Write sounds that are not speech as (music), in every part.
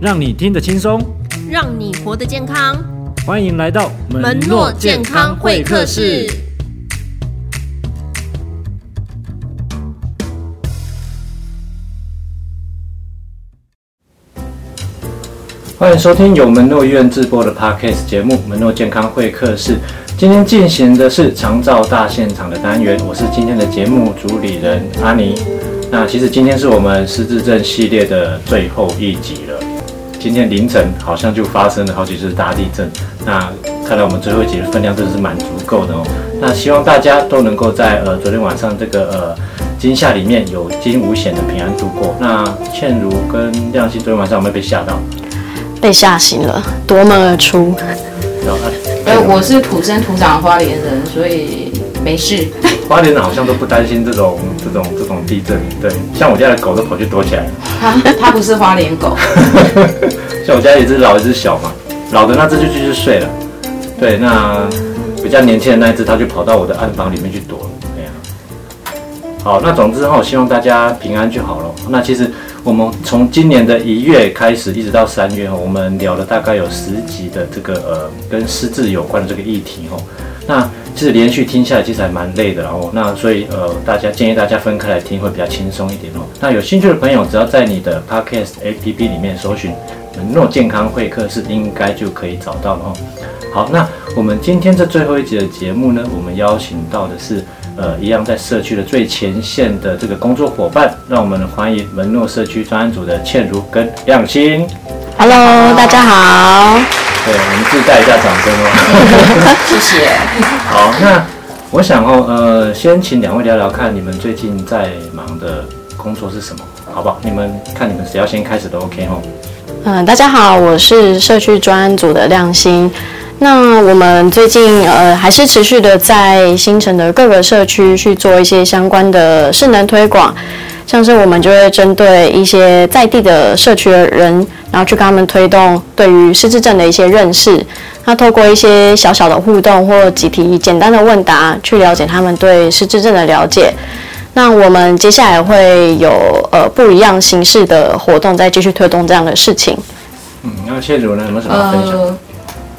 讓你聽得輕鬆，讓你活得健康。歡迎來到門諾健康會客室。室歡迎收聽由門諾醫院自播的 Podcast 節目《門諾健康會客室》。今天進行的是長照大現場的單元，我是今天的節目主理人阿尼。那其實今天是我們失智症系列的最後一集。今天凌晨好像就發生了好幾次大地震，那看來我們最後一節的分量真的是蠻足夠的哦。那希望大家都能夠在呃昨天晚上這個呃驚嚇裡面有驚無險的平安度過。那茜如跟亮欣昨天晚上有沒有被嚇到？被嚇醒了，奪門而出。No, 呃，我是土生土長花蓮人，所以沒事。 (laughs) 花蓮好像都不擔心這種、這種、這種地震，對。像我家的狗都跑去躲起來了。它,它不是花蓮狗。 (laughs) 像我家一隻老一隻小嘛，老的那隻就繼續睡了。對，那比較年輕的那一隻，它就跑到我的暗房裡面去躲。呀、啊。好，那總之後、哦、希望大家平安就好了。那其實我們從今年的一月開始，一直到三月哈，我們聊了大概有十集的這個呃跟失智有關的這個議題哈，那。其實連續聽下來，其實還蠻累的哦。那所以呃，大家建議大家分開來聽會比較輕鬆一點哦。那有興趣的朋友，只要在你的 Podcast A P P 裡面搜尋“門諾健康會客室”，應該就可以找到了哦。好，那我們今天這最後一集的節目呢，我們邀請到的是呃，一樣在社區的最前線的這個工作夥伴，讓我們歡迎門諾社區專案組的茜如跟亮欣。Hello，大家好。對，我們自帶一下掌聲哦。謝謝。好，那我想哦，呃，先請兩位聊聊看，你們最近在忙的工作是什麼，好不好？你們看，你們誰要先開始都 OK 哦，嗯、呃，大家好，我是社區專案組的亮欣。那我們最近呃，還是持續的在新城的各個社區去做一些相關的識能推廣。像是我們就會針對一些在地的社區的人，然後去跟他們推動對於失智症的一些認識。那透過一些小小的互動或幾題簡單的問答，去了解他們對失智症的了解。那我們接下來會有呃不一樣形式的活動，再繼續推動這樣的事情。嗯，那謝主任有什麼什麼分享、呃、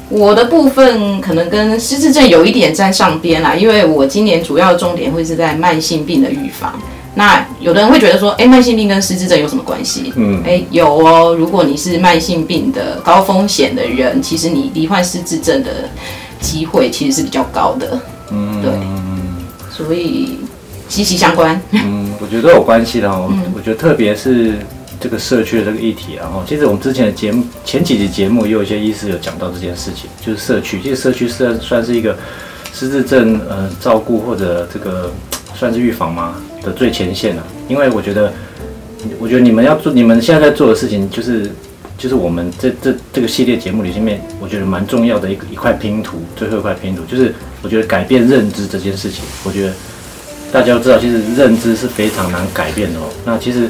我的部分可能跟失智症有一點沾上邊啦，因為我今年主要重點會是在慢性病的預防。那有的人會覺得說，哎，慢性病跟失智症有什麼關係？嗯，哎，有哦。如果你是慢性病的高風險的人，其實你罹患失智症的機會其實是比較高的。嗯，對，所以息息相關。嗯，我覺得有關係的哈、哦嗯、我覺得特別是這個社區的這個議題然、啊、後其實我們之前的節目前幾集節目也有一些醫師有講到這件事情，就是社區，其實社區算算是一個失智症呃照顧或者這個算是預防嗎？的最前線了啊，因為我覺得，我覺得你們要做，你們現在在做的事情，就是，就是我們這這這個系列節目裡面，我覺得蠻重要的一個一塊拼圖，最後一塊拼圖，就是我覺得改變認知這件事情，我覺得大家都知道，其實認知是非常難改變的哦。那其實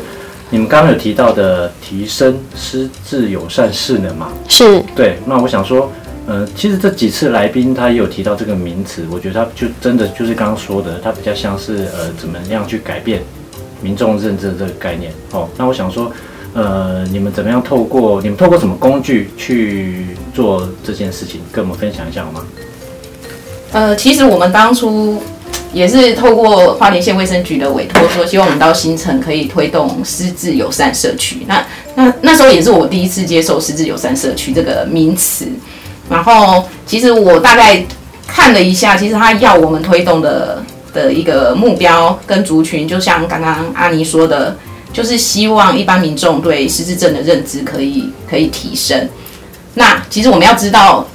你們剛剛有提到的提升失智友善識能嘛？是，對。那我想說。呃，其實這幾次來賓他也有提到這個名詞，我覺得他就真的就是剛剛說的，他比較像是呃怎麼樣去改變民眾認知的這個概念。好，哦，那我想說，呃，你們怎麼樣透過你們透過什麼工具去做這件事情，跟我們分享一下好嗎？呃，其實我們當初也是透過花蓮縣衛生局的委托，說希望我們到新城可以推動失智友善社區。那那那時候也是我第一次接受失智友善社區這個名詞。然後，其實我大概看了一下，其實他要我們推動的的一個目標跟族群，就像剛剛阿尼說的，就是希望一般民眾對失智症的認知可以可以提升。那其實我們要知道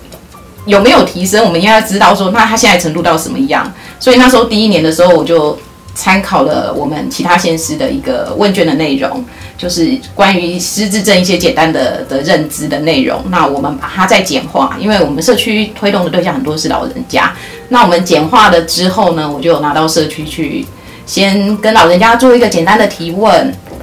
有沒有提升，我們應該要知道說，那他現在程度到什麼樣。所以那時候第一年的時候，我就，參考了我們其他縣市的一個問卷的內容，就是關於失智症一些簡單的的認知的內容。那我們把它再簡化，因為我們社區推動的對象很多是老人家。那我們簡化了之後呢，我就有拿到社區去，先跟老人家做一個簡單的提問，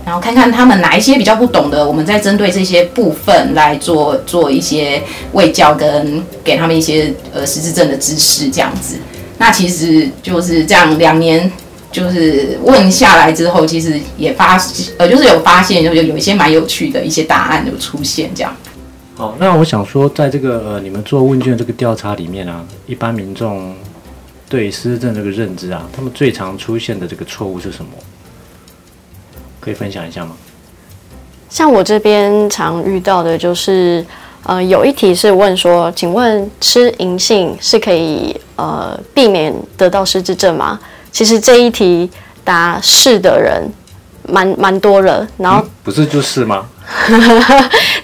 然後看看他們哪一些比較不懂的，我們再針對這些部分來做做一些衛教跟給他們一些呃失智症的知識這樣子。那其實就是這樣兩年。就是問下來之後，其實也發呃，就是有發現，就有一些蠻有趣的一些答案有出現這樣。好，那我想說，在這個呃，你們做問卷這個調查裡面呢，啊，一般民眾對於失智症這個認知啊，他們最常出現的這個錯誤是什麼？可以分享一下嗎？像我這邊常遇到的就是，呃，有一題是問說，請問吃銀杏是可以呃避免得到失智症嗎？其實這一題答是的人，蠻蠻多了。然後、嗯、不是就是嗎？ (laughs)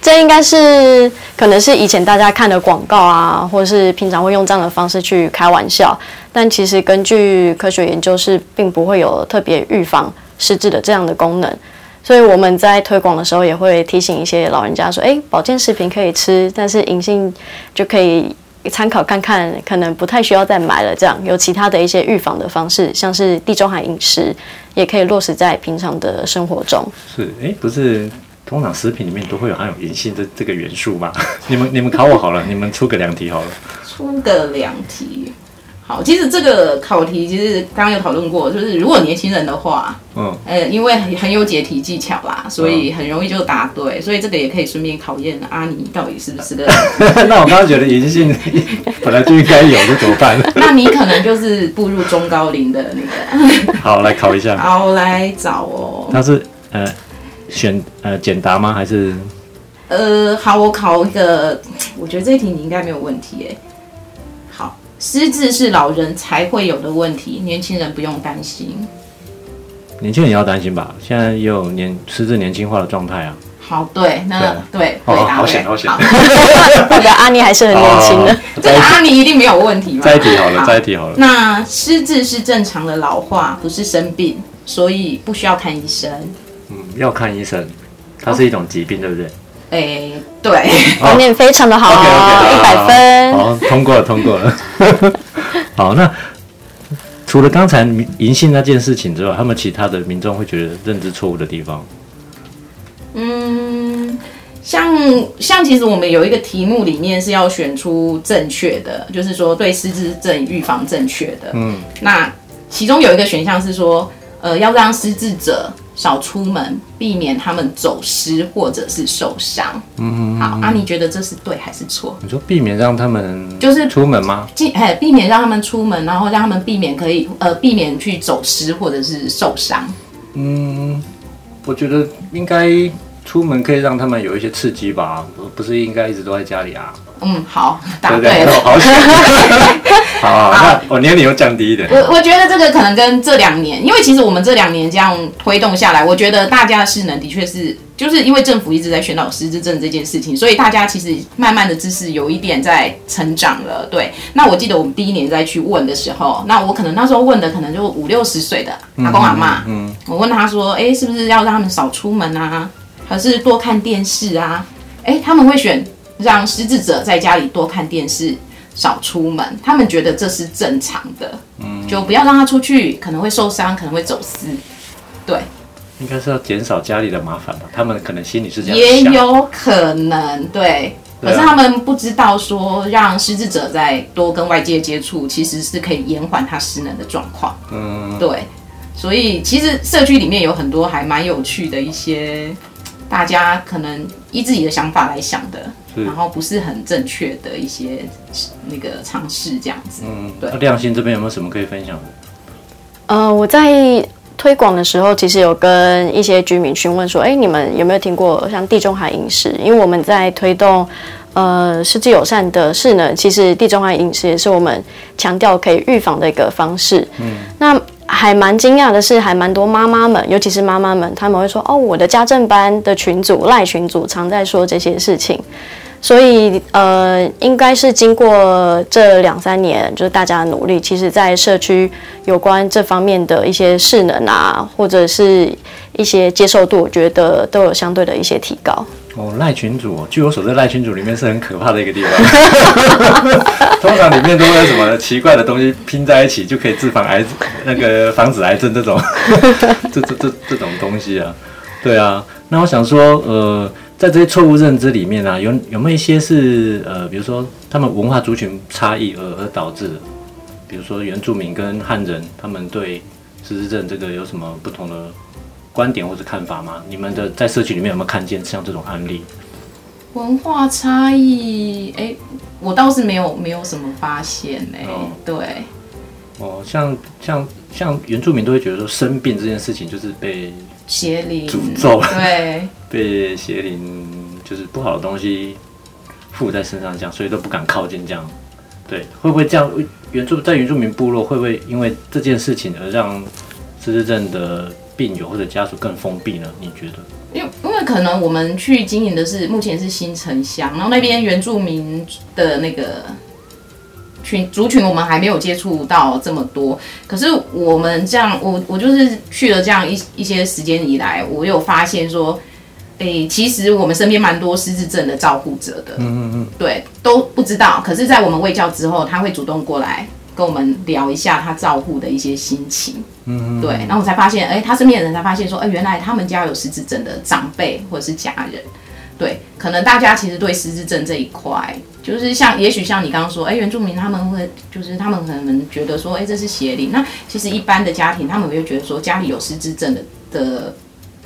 這應該是可能是以前大家看的廣告啊，或是平常會用這樣的方式去開玩笑。但其實根據科學研究是，並不會有特別預防失智的這樣的功能。所以我們在推廣的時候，也會提醒一些老人家說：哎、欸，保健食品可以吃，但是銀杏就可以。參考看看，可能不太需要再買了。這樣有其他的一些預防的方式，像是地中海飲食，也可以落實在平常的生活中。是，誒、欸，不是，通常食品裡面都會有含有銀杏這這個元素嗎？ (laughs) 你們你們考我好了， (laughs) 你們出個兩題好了。出個兩題。好，其實這個考題其實剛剛有討論過，就是如果年輕人的話，嗯、哦，呃，因為很很有解題技巧啦，所以很容易就答對，哦、所以這個也可以順便考驗阿尼、啊、到底是不是個。那我剛剛覺得銀杏本來就應該有，的， (laughs) 怎麼辦？那你可能就是步入中高齡的那個。 (laughs) 好，來考一下。好，來找哦。那是呃選呃簡答嗎？還是？呃，好，我考一個，我覺得這一題你應該沒有問題，欸，哎。失智是老人才會有的問題，年輕人不用擔心。年輕人也要擔心吧？現在也有年失智年輕化的狀態啊。好，對，那對，好險，好險，我的阿妮還是很年輕的，這阿妮一定沒有問題吧？再一題好了，再一題好了。那失智是正常的老化，不是生病，所以不需要看醫生。嗯，要看醫生，它是一種疾病，對不對？誒，對，觀念、哦、非常的好一百 Okay, okay, 分，好通過，通過了。通過了 (laughs) 好，那除了剛才銀杏那件事情之外，他們其他的民眾會覺得認知錯誤的地方，嗯，像像其實我們有一個題目裡面是要選出正確的，就是說對失智症預防正確的，嗯，那其中有一個選項是說。呃，要讓失智者少出門，避免他們走失或者是受傷。嗯哼嗯哼，好，阿、啊、你覺得這是對還是錯？你說避免讓他們就是出門嗎、就是？進，避免讓他們出門，然後讓他們避免可以、呃、避免去走失或者是受傷。嗯，我覺得應該。出門可以讓他們有一些刺激吧，不不是應該一直都在家裡啊？嗯，好，答對，對好 (laughs) 好，好，好那，好那我年齡又降低一點。我我覺得這個可能跟這兩年，因為其實我們這兩年這樣推動下來，我覺得大家的識能的確是，就是因為政府一直在宣導失智症這件事情，所以大家其實慢慢的知識有一點在成長了。對，那我記得我們第一年再去問的時候，那我可能那時候問的可能就五六十歲的、嗯、阿公阿媽，嗯，嬤嗯我問他說，哎，是不是要讓他們少出門啊？可是多看電視啊，欸，他們會選讓失智者在家裡多看電視，少出門。他們覺得這是正常的，嗯，就不要讓他出去，可能會受傷，可能會走失。對，應該是要減少家裡的麻煩吧？他們可能心裡是這樣的，也有可能，對。對啊，可是他們不知道說，讓失智者再多跟外界接觸，其實是可以延緩他失能的狀況。嗯，對。所以其實社區裡面有很多還蠻有趣的一些。大家可能依自己的想法來想的。是然後不是很正確的一些那個嘗試，這樣子。嗯，對、啊。亮欣這邊有沒有什麼可以分享的？呃，我在推廣的時候，其實有跟一些居民詢問說，哎，你們有沒有聽過像地中海飲食？因為我們在推動呃，失智友善的識能，其實地中海飲食也是我們強調可以預防的一個方式。嗯，那。還蠻驚訝的是，還蠻多媽媽們，尤其是媽媽們，他們會說：“哦，我的家政班的群組賴群組常在說這些事情。”所以，呃，應該是經過這兩三年，就是大家的努力，其實在社區有關這方面的一些識能啊，或者是一些接受度，我覺得都有相對的一些提高。哦，賴群組，據我所知，賴群組裡面是很可怕的一個地方。呵呵，通常裡面都會有什麼？奇怪的東西拼在一起就可以治防癌，那個防止癌症這種，呵呵這這這這種東西啊。對啊，那我想說，呃，在這些錯誤認知裡面啊，有有沒有一些是呃，比如說他們文化族群差異而而導致的？比如說原住民跟漢人，他們對失智症這個有什麼不同的？觀點或者看法嗎？你們的在社區裡面有沒有看見像這種案例？文化差異，哎、欸，我倒是沒有，沒有什麼發現呢、欸。哦、對。哦，像像像原住民都會覺得說，生病這件事情就是被邪靈詛咒，對，被邪靈就是不好的東西附在身上這樣，所以都不敢靠近這樣。對，會不會這樣？原住在原住民部落會不會因為這件事情而讓失智症的病友或者家屬更封閉呢？你覺得？因為因為可能我們去經營的是目前是新城鄉，然後那邊原住民的那個群族群，我們還沒有接觸到這麼多。可是我們這樣，我我就是去了這樣一一些時間以來，我有發現說，誒、欸，其實我們身邊蠻多失智症的照顧者的，嗯嗯嗯，對，都不知道。可是，在我們衛教之後，他會主動過來。跟我們聊一下他照顧的一些心情，嗯哼，對，然後我才發現，哎、欸，他身邊的人才發現說，哎、欸，原來他們家有失智症的長輩或者是家人，對，可能大家其實對失智症這一塊，就是像，也許像你剛剛說，哎、欸，原住民他們會，就是他們可能覺得說，哎、欸，這是邪靈，那其實一般的家庭，他們會覺得說，家裡有失智症的的。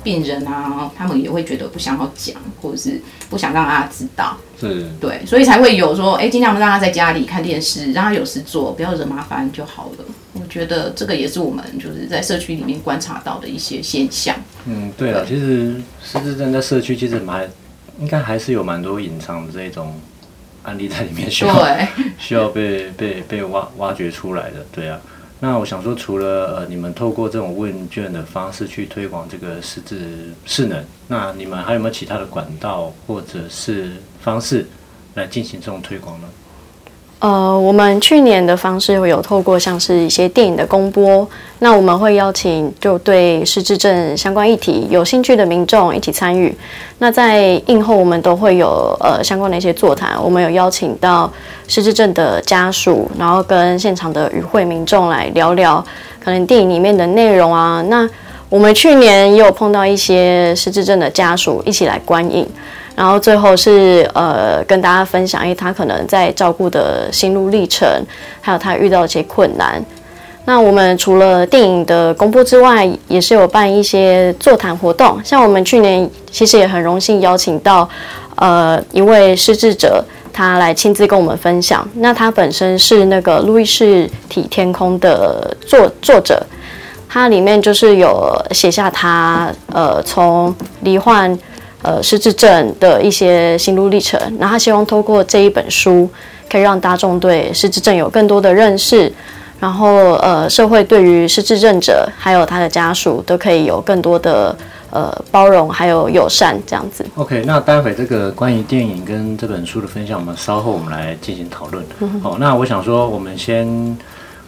病人啊，他們也會覺得不想要講，或者是不想讓大家知道，對是對，所以才會有說，哎，盡量讓他在家裡看電視，讓他有事做，不要惹麻煩就好了。我覺得這個也是我們就是在社區裡面觀察到的一些現象。嗯，對啊，對其實失智症在社區其實蠻應該還是有蠻多隱藏的這種案例在裡面需要對需要被被被挖挖掘出來的，對啊。那我想說，除了呃，你們透過這種問卷的方式去推廣這個失智識能，那你們還有沒有其他的管道或者是方式來進行這種推廣呢？呃，我們去年的方式會有透過像是一些電影的公播，那我們會邀請就對失智症相關議題有興趣的民眾一起參與。那在映後，我們都會有呃相關的一些座談，我們有邀請到失智症的家屬，然後跟現場的與會民眾來聊聊可能電影裡面的內容啊。那我們去年也有碰到一些失智症的家屬一起來觀影。然後最後是呃，跟大家分享因為他可能在照顧的心路歷程，還有他遇到一些困難。那我們除了電影的公布之外，也是有辦一些座談活動。像我們去年其實也很榮幸邀請到呃一位失智者，他來親自跟我們分享。那他本身是那個《路易氏體天空》的作作者，他裡面就是有寫下他呃從罹患。呃，失智症的一些心路歷程，那他希望透過這一本書，可以讓大眾對失智症有更多的認識，然後呃，社會對於失智症者還有他的家屬都可以有更多的呃包容，還有友善這樣子。OK，那待會這個關於電影跟這本書的分享，我們稍後我們來進行討論。好、嗯哼哦，那我想說，我們先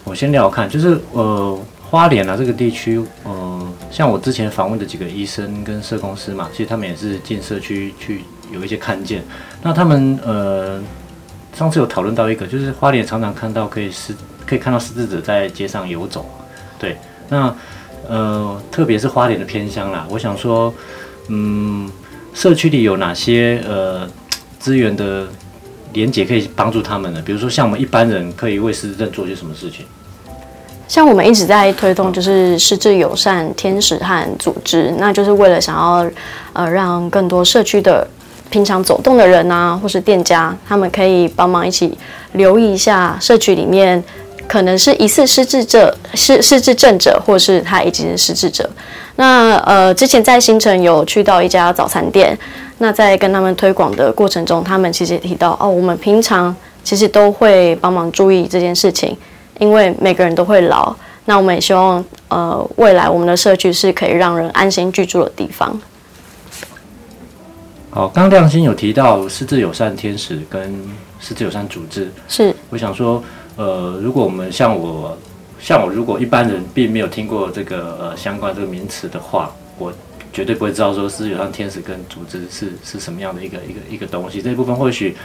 我先聊看，就是呃。花蓮啊，這個地區，嗯、呃，像我之前訪問的幾個醫生跟社工師嘛，其實他們也是進社區去有一些看見。那他們呃，上次有討論到一個，就是花蓮常常看到可以是可，可以看到失智者在街上游走。對，那呃，特別是花蓮的偏鄉啦，我想說，嗯，社區裡有哪些呃資源的連結可以幫助他們呢？比如說像我們一般人可以為失智症做些什麼事情？像我們一直在推動，就是失智友善天使和組織，那就是為了想要，呃，讓更多社區的平常走動的人吶、啊，或是店家，他們可以幫忙一起留意一下社區裡面，可能是疑似失智者失、失智症者，或是他已經是失智者。那呃，之前在新城有去到一家早餐店，那在跟他們推廣的過程中，他們其實也提到哦，我們平常其實都會幫忙注意這件事情。因為每個人都會老，那我們也希望，呃，未來我們的社區是可以讓人安心居住的地方。好，剛剛亮欣有提到失智友善天使跟失智友善組織，是，我想說，呃，如果我們像我，像我如果一般人並沒有聽過這個呃相關這個名詞的話，我絕對不會知道說失智友善天使跟組織是是什麼樣的一個一個一個東西，這一部分或許。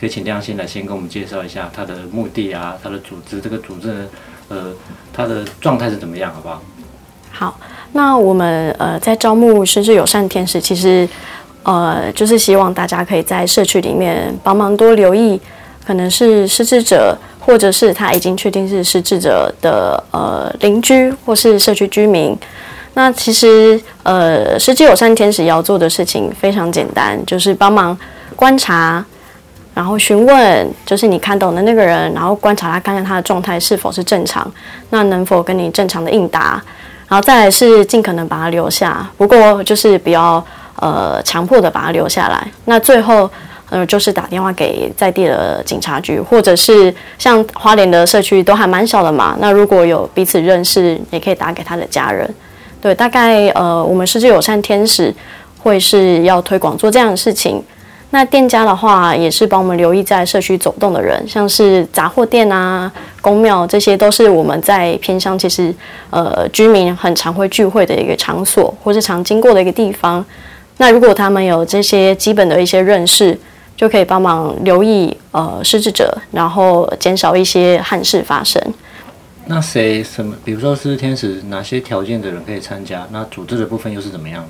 可以，請亮欣來先跟我們介紹一下他的目的啊，他的組織，這個組織，呃，他的狀態是怎麼樣，好不好？好，那我們呃在招募失智友善天使，其實呃就是希望大家可以在社區裡面幫忙多留意，可能是失智者，或者是他已經確定是失智者的呃鄰居或是社區居民。那其實呃失智友善天使要做的事情非常簡單，就是幫忙觀察。然後詢問，就是你看懂的那個人，然後觀察他，看看他的狀態是否是正常，那能否跟你正常的應答，然後再來是盡可能把他留下，不過就是比較呃強迫的把他留下來。那最後呃就是打電話給在地的警察局，或者是像花蓮的社區都還蠻小的嘛，那如果有彼此認識也可以打給他的家人。對，大概呃我們失智友善天使會是要推廣做這樣的事情。那店家的話，也是幫我們留意在社區走動的人，像是雜貨店啊、公廟，這些都是我們在偏鄉其實呃居民很常會聚會的一個場所，或是常經過的一個地方。那如果他們有這些基本的一些認識，就可以幫忙留意呃失智者，然後減少一些憾事發生。那誰什麼，比如說失智天使，哪些條件的人可以參加？那組織的部分又是怎麼樣？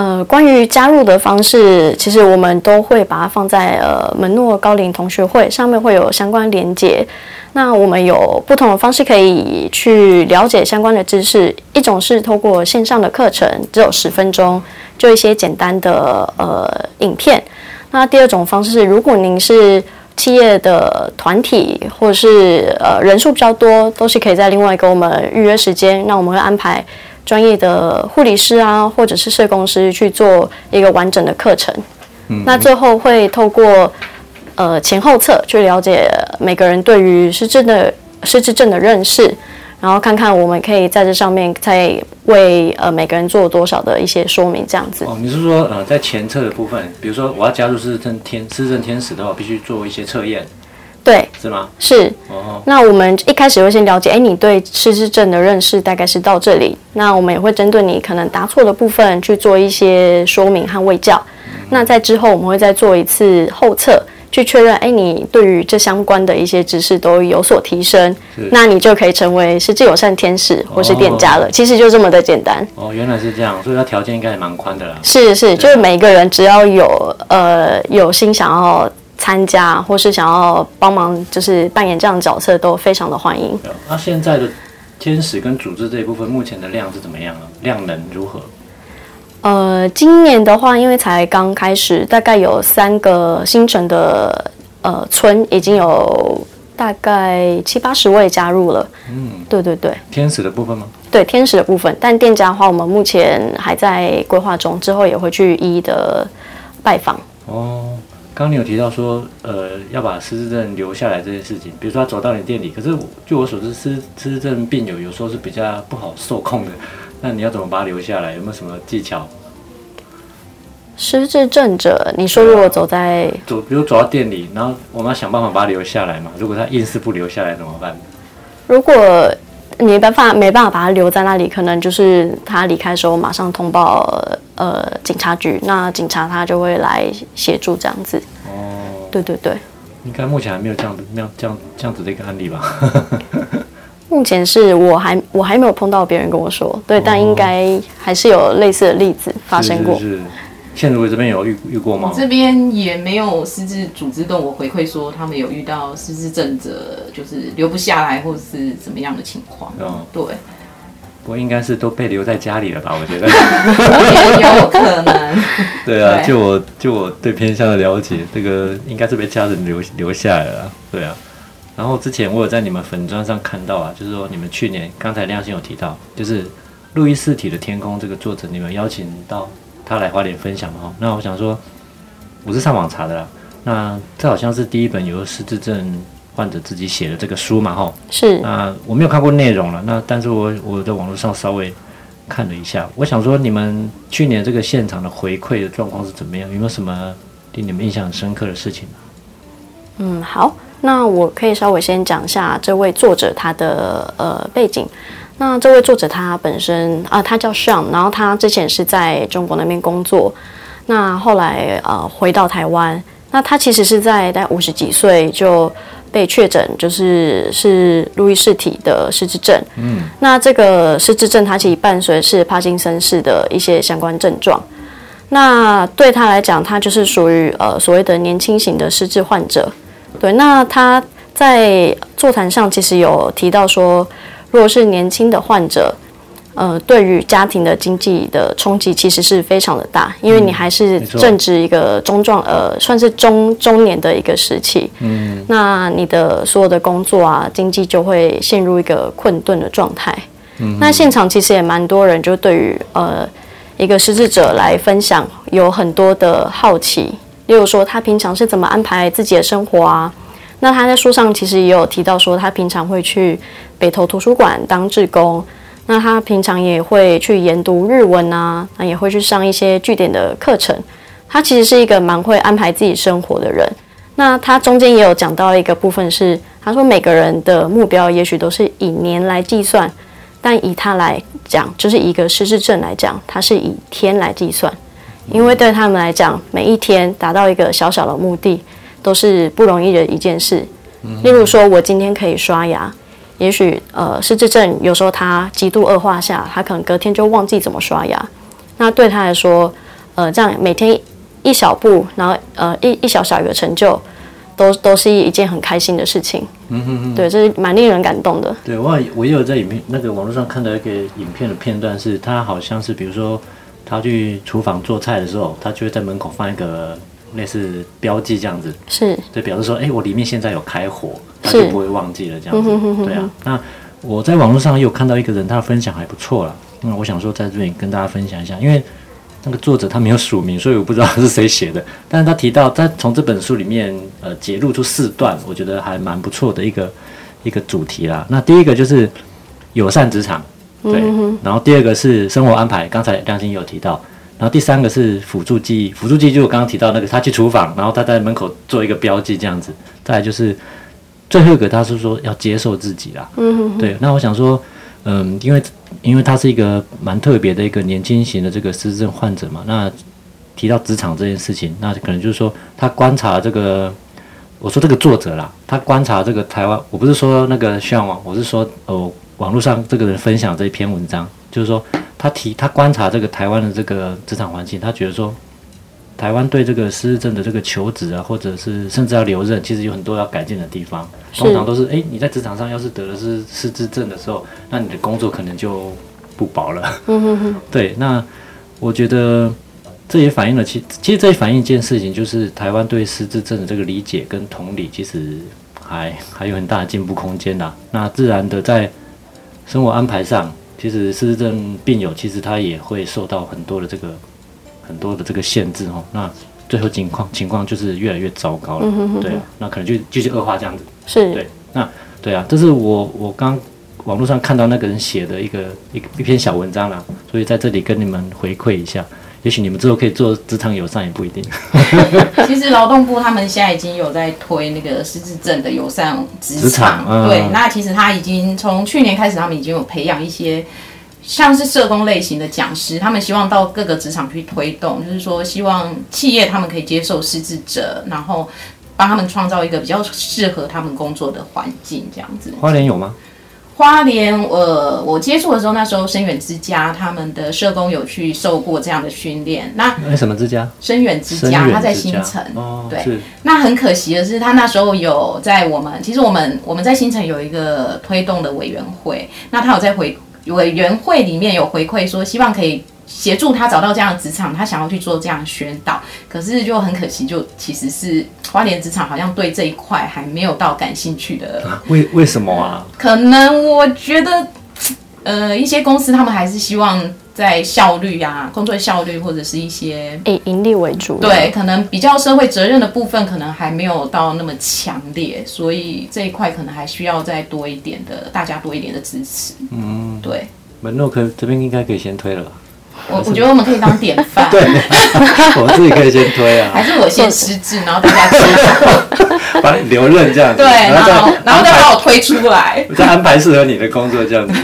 呃，關於加入的方式，其實我們都會把它放在呃門諾高齡同學會上面會有相關連接。那我們有不同的方式可以去了解相關的知識，一種是透過線上的課程，只有十分鐘，就一些簡單的呃影片。那第二種方式，是如果您是企業的團體或者是呃人數比較多，都是可以在另外給我們預約時間，那我們會安排。專業的護理師啊，或者是社工師去做一個完整的課程，嗯、那最後會透過呃前後測，去了解每個人對於失智的失智症的認識，然後看看我們可以在這上面再為呃每個人做多少的一些說明，這樣子。哦，你是說呃在前測的部分，比如說我要加入失智天失智天使的話，必須做一些測驗。對，是嗎？是。哦、吼那我們一開始會先了解，哎、欸，你對失智症的認識大概是到這裡。那我們也會針對你可能答錯的部分去做一些說明和衛教。嗯、哼那在之後我們會再做一次後測，去確認，哎、欸，你對於這相關的一些知識都有所提升。是那你就可以成為失智友善天使或是店家了。哦、吼其實就這麼的簡單。哦，原來是這樣，所以它條件應該也蠻寬的啦。是是，是吧就是每一個人只要有呃有心想要參加或是想要幫忙，就是扮演這樣的角色，都非常的歡迎。那、啊、現在的天使跟組織這一部分，目前的量是怎麼樣啊？量能如何？呃，今年的話，因為才剛開始，大概有三個新城的呃村已經有大概七八十位加入了。嗯，對對對，天使的部分嗎？對，天使的部分。但店家的話，我們目前還在規劃中，之後也會去一一的拜訪。哦。剛你有提到說，呃，要把失智症留下來這件事情，比如說他走到你店裡，可是我，據我所知，失失智症病友有，有時候是比較不好受控的，那你要怎麼把他留下來？有沒有什麼技巧？失智症者，你說如果走在、嗯、走，比如走到店裡，然後我們要想辦法把他留下來嘛？如果他硬是不留下來怎麼辦？如果你沒辦法，沒辦法把他留在那裡，可能就是他離開的時候馬上通報呃警察局，那警察他就會來協助這樣子。哦，對對對。應該目前還沒有這樣子、這樣、這樣、這樣子的一個案例吧？ (laughs) 目前是我還我還沒有碰到別人跟我說，對，哦、但應該還是有類似的例子發生過。是是是茜如這邊有遇遇過嗎、哦？這邊也沒有失智組織動我回饋說他們有遇到失智症者，就是留不下來或者是怎麼樣的情況。嗯、哦，對。不過應該是都被留在家裡了吧？我覺得。有可能。 (laughs) 對啊，對就我就我對偏向的了解，這、那個應該是被家人留留下來了。對啊。然後之前我有在你們粉專上看到啊，就是說你們去年剛才亮欣有提到，就是《路易氏體的天空》這個作者，你們邀請到。他來花蓮分享嘛？哈，那我想說，我是上網查的啦。那這好像是第一本由失智症患者自己寫的這個書嘛？哈，是啊。那我沒有看過內容了。那但是我我在網絡上稍微看了一下，我想說，你們去年這個現場的回饋的狀況是怎麼樣？有沒有什麼令你們印象深刻的事情？嗯，好，那我可以稍微先講一下這位作者他的呃背景。那這位作者他本身啊，他叫 Shawn，然後他之前是在中國那邊工作，那後來呃回到台灣，那他其實是在大概五十幾歲就被確診，就是是路易氏體的失智症，嗯，那這個失智症他其實伴隨是帕金森氏的一些相關症狀。那對他來講，他就是屬於呃所謂的年輕型的失智患者。對，那他在座談上其實有提到說，如果是年輕的患者，呃，對於家庭的經濟的衝擊其實是非常的大，因為你還是正值一個中壯，呃，算是中中年的一個時期，嗯，那你的所有的工作啊，經濟就會陷入一個困頓的狀態。嗯、哼那現場其實也蠻多人就對於呃一個失智者來分享，有很多的好奇，例如說他平常是怎麼安排自己的生活啊？那他在書上其實也有提到，說他平常會去北投圖書館當志工。那他平常也會去研讀日文啊，那也會去上一些據點的課程。他其實是一個蠻會安排自己生活的人。那他中間也有講到一個部分是，他說每個人的目標也許都是以年來計算，但以他來講，就是一個失智症來講，他是以天來計算，因為對他們來講，每一天達到一個小小的目的。都是不容易的一件事。例如說，我今天可以刷牙，也許呃，失智症，有時候他極度惡化下，他可能隔天就忘記怎麼刷牙。那對他來說，呃，這樣每天一小步，然後呃，一一小小一個成就，都都是一件很開心的事情。嗯哼哼對，這是蠻令人感動的。對我，我也有在影片那個網絡上看到一個影片的片段是，是他好像是比如說他去廚房做菜的時候，他就會在門口放一個。類似標記這樣子，是對，就表示說，誒、欸，我裡面現在有開火，他就不會忘記了這樣子，嗯哼嗯哼對啊。那我在網絡上有看到一個人，他分享還不錯了，那、嗯、我想說在這裡跟大家分享一下，因為那個作者他沒有署名，所以我不知道是誰寫的，但是他提到他從這本書裡面呃截錄出四段，我覺得還蠻不錯的一個一個主題啦。那第一個就是友善職場，對，嗯、哼然後第二個是生活安排，剛才亮欣也有提到。然後第三個是輔助記憶，輔助記憶就我剛剛提到那個，他去廚房，然後他在門口做一個標記，這樣子。再來就是最後一個，他是說要接受自己啦。嗯哼哼。對，那我想說，嗯，因為因為他是一個蠻特別的一個年輕型的這個失智症患者嘛，那提到職場這件事情，那可能就是說他觀察這個，我說這個作者啦，他觀察這個台灣，我不是說那個新聞網，我是說哦，網絡上這個人分享這一篇文章，就是說。他提他觀察這個台灣的這個職場環境，他覺得說，台灣對這個失智症的這個求職啊，或者是甚至要留任，其實有很多要改進的地方。是通常都是，誒、欸，你在職場上要是得的是失智症的時候，那你的工作可能就不保了。嗯、哼哼。對，那我覺得這也反映了，其其實這也反映一件事情，就是台灣對失智症的這個理解跟同理，其實還還有很大的進步空間的。那自然的在生活安排上。其實，失智症病友其實他也會受到很多的這個很多的這個限制哦。那最後情況情況就是越來越糟糕了，嗯、哼哼，對啊，那可能就繼續惡化這樣子。是，對，那對啊，這是我我剛網絡上看到那個人寫的一個一一篇小文章啦，所以在這裡跟你們回饋一下。也許你們之後可以做職場友善，也不一定。其實勞動部他們現在已經有在推那個失智症的友善職場。職場，啊。對，那其實他已經從去年開始，他們已經有培養一些像是社工類型的講師，他們希望到各個職場去推動，就是說希望企業他們可以接受失智者，然後幫他們創造一個比較適合他們工作的環境，這樣子。花蓮有嗎？花蓮、呃，我我接觸的時候，那時候深遠之家他們的社工有去受過這樣的訓練。那什麼之家？深遠之家，之家他在新城。哦、對，是那很可惜的是，他那時候有在我們，其實我們我們在新城有一個推動的委員會，那他有在回委員會裡面有回饋說，希望可以。協助他找到這樣的職場，他想要去做這樣的宣導，可是就很可惜，就其實是花蓮職場好像對這一塊還沒有到感興趣的。啊，為為什麼啊？可能我覺得，呃，一些公司他們還是希望在效率啊，工作效率或者是一些以盈利為主，對，可能比較社會責任的部分可能還沒有到那麼強烈，所以這一塊可能還需要再多一點的，大家多一點的支持。嗯，對。門諾可這邊應該可以先推了吧？我我覺得我們可以當典範。 (laughs) 對，我自己可以先推啊。 (laughs) 還是我先失智，然後大家推。把你 (laughs) 留任這樣子。對，然後，然後再把我推出來，再安排適合你的工作這樣子。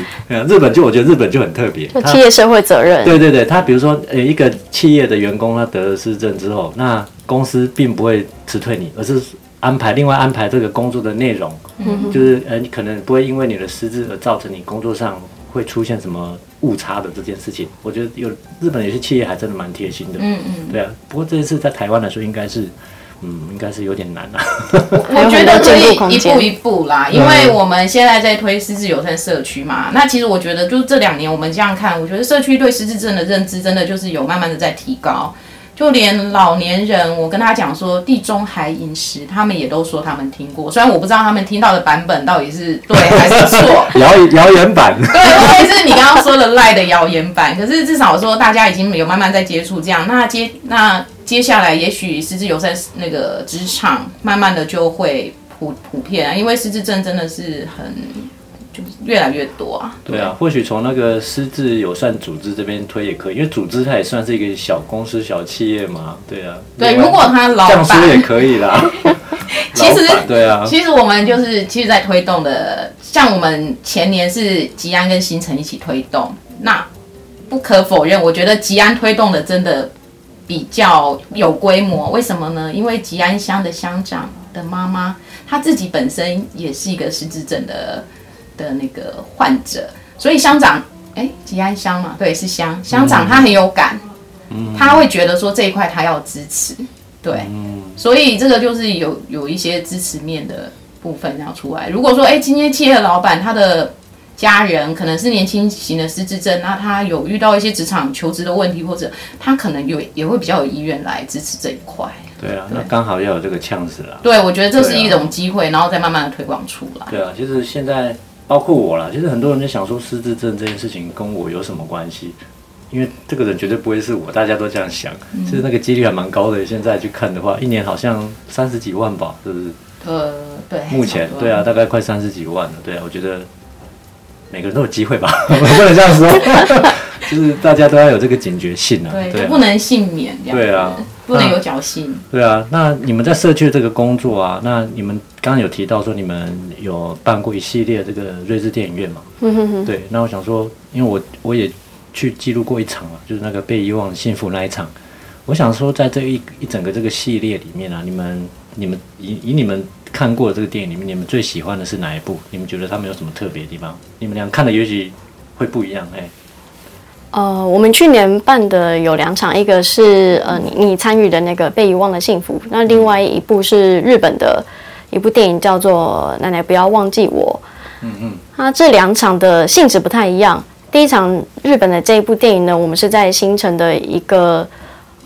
日本就我覺得日本就很特別，企業社會責任。對對對，他比如說，有一個企業的員工他得了失智之後，那公司並不會辭退你，而是安排另外安排這個工作的內容，嗯、哼就是呃，你可能不會因為你的失智而造成你工作上。會出現什麼誤差的這件事情，我覺得有日本有些企業還真的蠻貼心的，嗯嗯，對啊。不過這一次在台灣來說，應該是，嗯，應該是有點難了、啊。嗯、 (laughs) 我覺得可以一步一步啦，因為我們現在在推失智友善社區嘛。嗯、那其實我覺得，就這兩年我們這樣看，我覺得社區對失智症的認知真的就是有慢慢的在提高。就連老年人，我跟他講說地中海飲食，他們也都說他們聽過。雖然我不知道他們聽到的版本到底是對還是錯，謠謠言版。 (laughs) 對，還是你剛剛說的 LINE 的謠言版。 (laughs) 可是至少我說大家已經有慢慢在接觸這樣。那接那接下來，也許失智友在那個職場慢慢的就會普普遍啊，因為失智症真的是很。越來越多啊！對，對啊，或許從那個失智友善組織這邊推也可以，因為組織它也算是一個小公司、小企業嘛。對啊，對，外如果他老闆，師也可以啦。 (laughs) 其實，對啊，其實我們就是其實在推動的，像我們前年是吉安跟新城一起推動。那不可否認，我覺得吉安推動的真的比較有規模。為什麼呢？因為吉安鄉的鄉長的媽媽，她自己本身也是一個失智症的的那個患者，所以鄉長，哎、欸，吉安鄉嘛，對，是鄉鄉、嗯、長，他很有感，嗯，他會覺得說這一塊他要支持，對，嗯，所以這個就是有有一些支持面的部分要出來。如果說，哎、欸，今天企業老板他的家人可能是年輕型的失智症，那他有遇到一些職場求職的問題，或者他可能有也會比較有意願來支持這一塊，對啊，對，那剛好要有這個嗆死了，對，我覺得這是一種機會，啊、然後再慢慢的推廣出來，對啊，就是現在。包括我啦，其實很多人在想說，失智症這件事情跟我有什麼關係？因為這個人絕對不會是我，大家都這樣想。嗯、其實那個幾率還蠻高的。現在去看的話，一年好像三十幾萬吧，是不是？呃，對。目前對啊，大概快三十幾萬了。對啊，我覺得每個人都有機會吧。我不能這樣說， (laughs) 就是大家都要有這個警覺性啊。對，對啊、不能倖免。對啊。不能有僥倖、嗯。對啊，那你們在社區這個工作啊，那你們剛剛有提到說你們有辦過一系列這個瑞智電影院嘛？嗯哼哼。對，那我想說，因為我我也去記錄過一場啊，就是那個被遺忘的幸福那一場。我想說，在這一一整個這個系列裡面啊，你們你們以以你們看過的這個電影裡面，你們最喜歡的是哪一部？你們覺得他們有什麼特別的地方？你們倆看的也許會不一樣哎。欸呃，我們去年辦的有兩場，一個是呃你你參與的那個被遺忘的幸福，那另外一部是日本的一部電影，叫做奶奶不要忘記我。嗯嗯，那，啊，這兩場的性質不太一樣。第一場日本的這一部電影呢，我們是在新城的一個。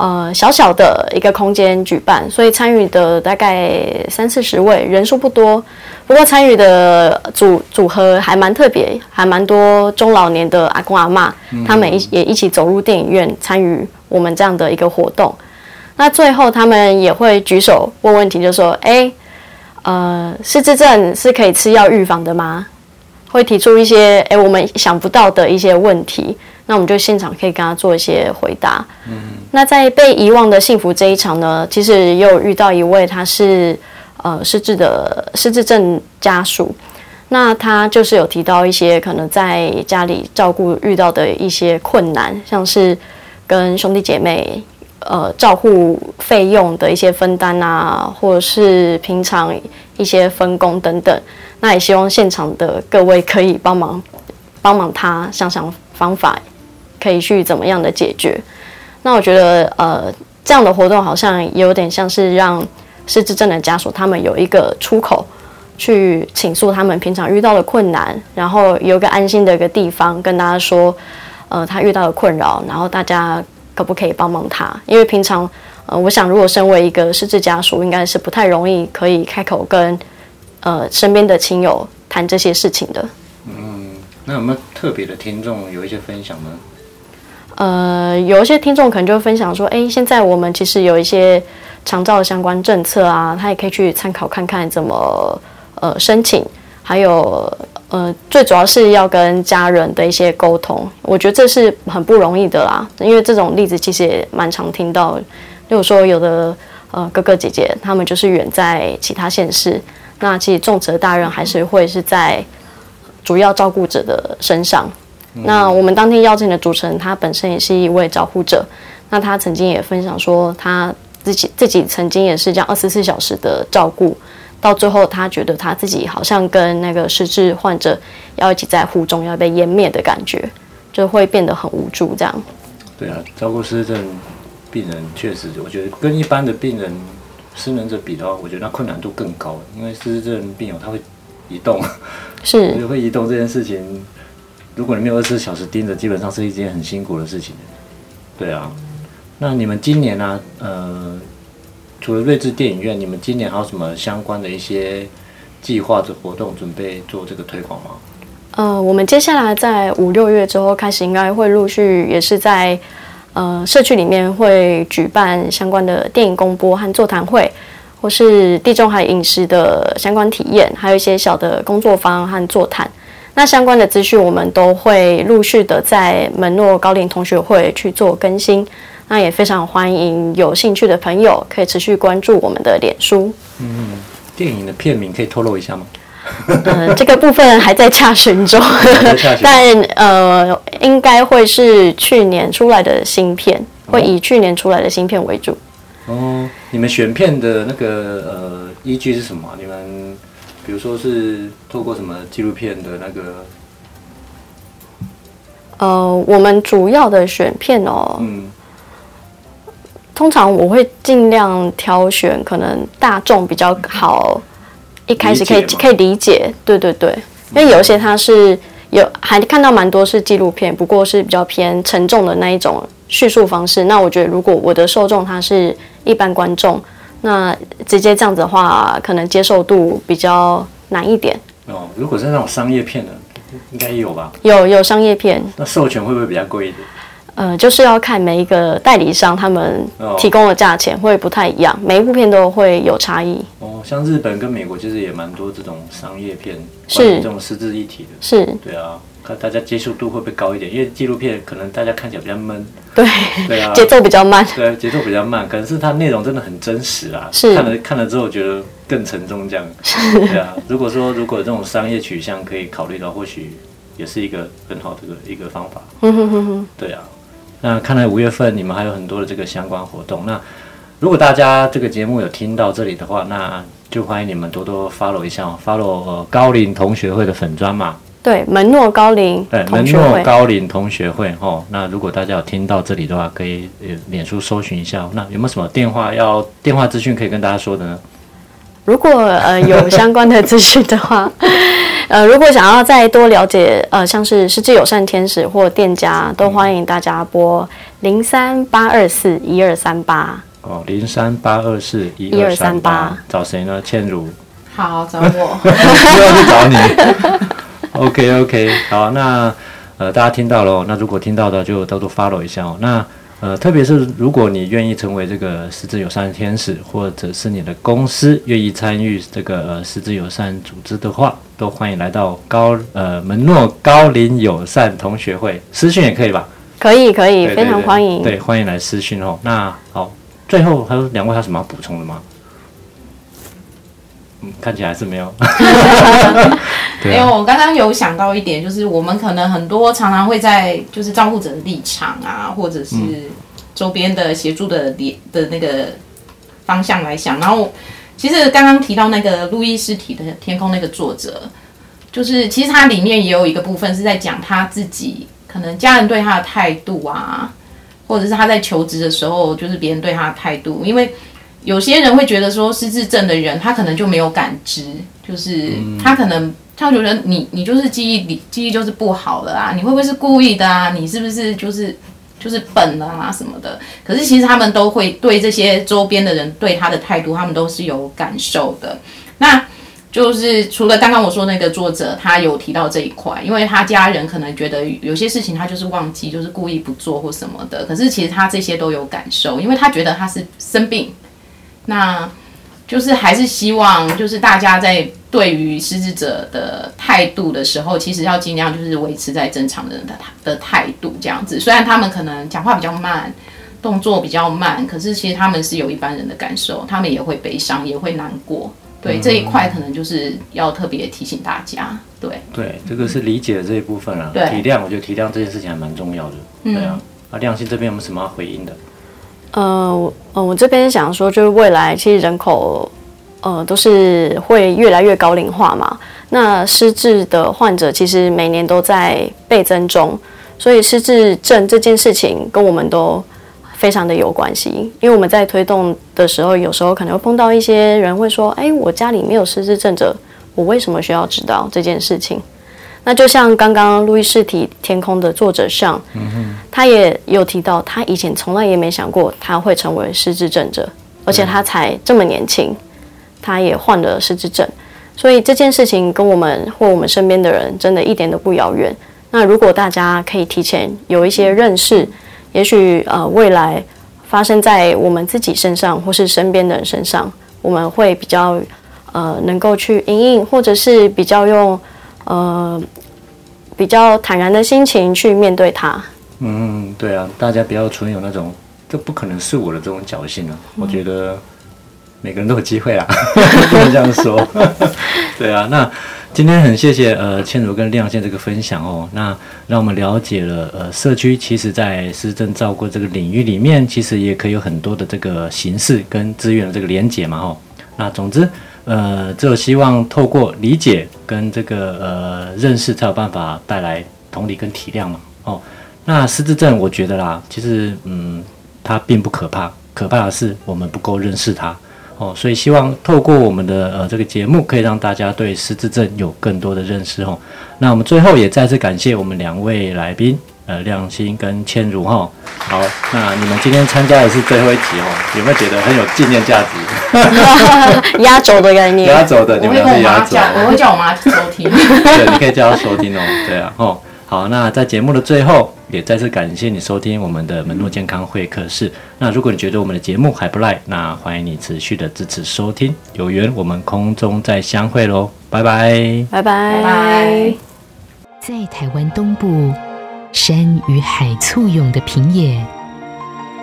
呃，小小的一個空間舉辦，所以參與的大概三四十位，人數不多。不過參與的組組合還蠻特別，還蠻多中老年的阿公阿嬤，嗯、他們一也一起走入電影院參與我們這樣的一個活動。那最後他們也會舉手問問題，就說：“哎，呃，失智症是可以吃藥預防的嗎？”會提出一些哎我們想不到的一些問題。那我們就現場可以跟他做一些回答。嗯。那在被遺忘的幸福這一場呢，其實又遇到一位，他是呃失智的失智症家屬，那他就是有提到一些可能在家裡照顧遇到的一些困難，像是跟兄弟姐妹呃照護費用的一些分擔啊，或者是平常一些分工等等。那也希望現場的各位可以幫忙幫忙他想想方法。可以去怎麼樣的解決？那我覺得，呃，這樣的活動好像有點像是讓失智症的家屬他們有一個出口，去傾訴他們平常遇到的困難，然後有個安心的一個地方，跟大家說，呃，他遇到的困擾，然後大家可不可以幫幫他？因為平常，呃，我想如果身為一個失智家屬，應該是不太容易可以開口跟，呃，身邊的親友談這些事情的。嗯，那有沒有特別的聽眾有一些分享呢？呃，有一些聽眾可能就分享說，哎，現在我們其實有一些長照相關政策啊，他也可以去參考看看怎麼呃申請，還有呃最主要是要跟家人的一些溝通，我覺得這是很不容易的啦，因為這種例子其實也蠻常聽到，例如說有的呃哥哥姐姐他們就是遠在其他縣市，那其實重責大任還是會是在主要照顧者的身上。那我們當天邀請的主持人，他本身也是一位照顧者，那他曾經也分享說，他自己自己曾經也是這樣二十四小時的照顧，到最後他覺得他自己好像跟那個失智患者，要一起在湖中要被淹滅的感覺，就會變得很無助這樣。對啊，照顧失智症病人確實，我覺得跟一般的病人失能者比的話，我覺得那困難度更高，因為失智症病友他會移動，是，會移動這件事情。如果你沒有二十四小時盯着基本上是一件很辛苦的事情。對啊，那你們今年呢、啊？呃，除了瑞智電影院，你們今年還有什麼相關的一些計劃的活動準備做這個推廣嗎？呃，我們接下來在五六月之後開始，應該會陸續也是在呃社區裡面會舉辦相關的電影公播和座談會，或是地中海飲食的相關體驗，還有一些小的工作坊和座談。那相關的資訊，我們都會陸續的在門諾高齡同學會去做更新。那也非常歡迎有興趣的朋友可以持續關注我們的臉書。嗯，電影的片名可以透露一下嗎？ (laughs) 呃，這個部分還在洽詢中，還在洽詢中 (laughs) 但呃，應該會是去年出來的新片，會以去年出來的新片為主。哦，你們選片的那個呃依據是什麼？你們？比如說是做過什麼紀錄片的那個，呃，我們主要的選片哦，嗯，通常我會盡量挑選可能大眾比較好，一開始可以可以理解，對對對，Okay. 因為有些它是有，還看到蠻多是紀錄片，不過是比較偏沉重的那一種敘述方式。那我覺得如果我的受眾他是一般觀眾。那直接這樣子的話，可能接受度比較難一點。哦，如果是那種商業片的，應該也有吧？有有商業片，那授權會不會比較貴一點？呃，就是要看每一個代理商他們提供的價錢會不太一樣，哦、每一部片都會有差異。像日本跟美國其實也蠻多這種商業片，關於這種失智一體的，是對啊，看大家接受度會不會高一點？因為紀錄片可能大家看起來比較悶，對，對啊，節奏比較慢，對，節奏比較慢，可是它內容真的很真實啊，是，看了看了之後覺得更沉重這樣，對啊。如果說如果這種商業取向可以考慮到，或許也是一個很好的一個，一個方法， (laughs) 對啊。那看來五月份你們還有很多的這個相關活動，那，如果大家這個節目有聽到這裡的話，那就歡迎你們多多 follow 一下哦，follow 高齡同學會的粉專嘛。對，門諾高齡。哎，門諾高齡同學會哈、哦。那如果大家有聽到這裡的話，可以臉書搜尋一下。那有沒有什麼電話要電話資訊可以跟大家說的呢？如果呃有相關的資訊的話， (laughs) 呃，如果想要再多了解，呃，像是失智友善天使或店家，嗯、都歡迎大家撥零三八二四一二三八。哦，零三八二四一二三八，找誰呢？茜如。好，找我。不 (laughs) 要去找你。 (laughs) OK，OK，okay, okay, 好，那呃，大家聽到了、哦、那如果聽到的就多多 follow 一下哦。那呃，特別是如果你願意成為這個失智友善天使，或者是你的公司願意參與這個失智友善組織的話，都歡迎來到高呃門諾高齡友善同學會。私訊也可以吧？可以，可以，對非常歡迎對。對，歡迎來私訊哦。那好。最後還有兩位，有什麼要補充的嗎？嗯，看起來還是沒有。沒有，我剛剛有想到一點，就是我們可能很多常常會在就是照顧者的立場啊，或者是周邊的協助的的的那個方向來想。然後，其實剛剛提到那個《路易氏體的天空》那個作者，就是其實他裡面也有一個部分是在講他自己可能家人對他的態度啊。或者是他在求職的時候，就是別人對他的態度，因為有些人會覺得說，失智症的人他可能就沒有感知，就是他可能他覺得你你就是記憶記憶就是不好的啊，你會不會是故意的啊？你是不是就是就是笨了啊什麼的？可是其實他們都會對這些周邊的人對他的態度，他們都是有感受的。那就是除了剛剛我說的那個作者，他有提到這一塊，因為他家人可能覺得有些事情他就是忘記，就是故意不做或什麼的。可是其實他這些都有感受，因為他覺得他是生病。那就是還是希望，就是大家在對於失智者的態度的時候，其實要盡量就是維持在正常人的態的態度這樣子。雖然他們可能講話比較慢，動作比較慢，可是其實他們是有一般人的感受，他們也會悲傷，也會難過。對這一塊可能就是要特別提醒大家，對、嗯、對，這個是理解的這一部分啊，嗯、對體諒，我覺得體諒這件事情還蠻重要的。嗯、對啊，啊，亮欣這邊有沒有什麼要回應的？呃，我、呃、我這邊想說，就是未來其實人口呃都是會越來越高齡化嘛，那失智的患者其實每年都在倍增中，所以失智症這件事情跟我們都。非常的有關係，因為我們在推動的時候，有時候可能會碰到一些人會說：“哎、欸，我家裡沒有失智症者，我為什麼需要知道這件事情？”那就像剛剛路易氏體天空的作者上，他也有提到，他以前從來也沒想過他會成為失智症者，而且他才這麼年輕，他也患了失智症，所以這件事情跟我們或我們身邊的人真的一點都不遙遠。那如果大家可以提前有一些認識。也許呃未來發生在我們自己身上，或是身邊的人身上，我們會比較呃能夠去因應，或者是比較用呃比較坦然的心情去面對它。嗯，對啊，大家不要存有那種這不可能是我的這種僥倖啊！嗯、我覺得每個人都有機會啊，不能、嗯、這樣說。 (laughs) (laughs) 對啊，那。今天很謝謝呃茜如跟亮欣這個分享哦，那讓我們了解了呃社區其實在失智症照顧這個領域裡面，其實也可以有很多的這個形式跟資源的這個連結嘛哦，那總之呃只有希望透過理解跟這個呃認識，才有辦法帶來同理跟體諒嘛哦。那失智症我覺得啦，其實嗯它並不可怕，可怕的是我們不夠認識它。哦，所以希望透過我們的呃這個節目，可以讓大家對失智症有更多的認識吼、哦。那我們最後也再次感謝我們兩位來賓，呃，亮欣跟茜如吼、哦。好，那你們今天參加的是最後一集吼、哦，有沒有覺得很有紀念價值？壓軸 (laughs) 的概念。壓軸的，你們可是壓軸。我會叫我媽收聽。 (laughs) 對，你可以叫她收聽哦。對啊，吼、哦。好，那在節目的最後，也再次感謝你收聽我們的門諾健康會客室。嗯、那如果你覺得我們的節目還不賴，那歡迎你持續的支持收聽。有緣，我們空中再相會嘍！拜拜，拜拜拜拜，bye bye 在台灣東部，山與海簇擁的平野，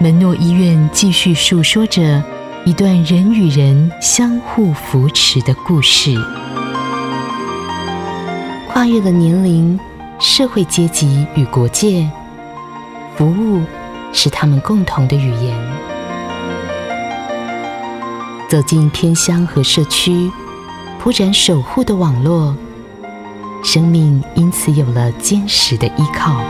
門諾醫院繼續述說着一段人與人相互扶持的故事，跨越了年齡。社會階級與國界，服務是他們共同的語言。走進偏鄉和社區，鋪展守護的網絡，生命因此有了堅實的依靠。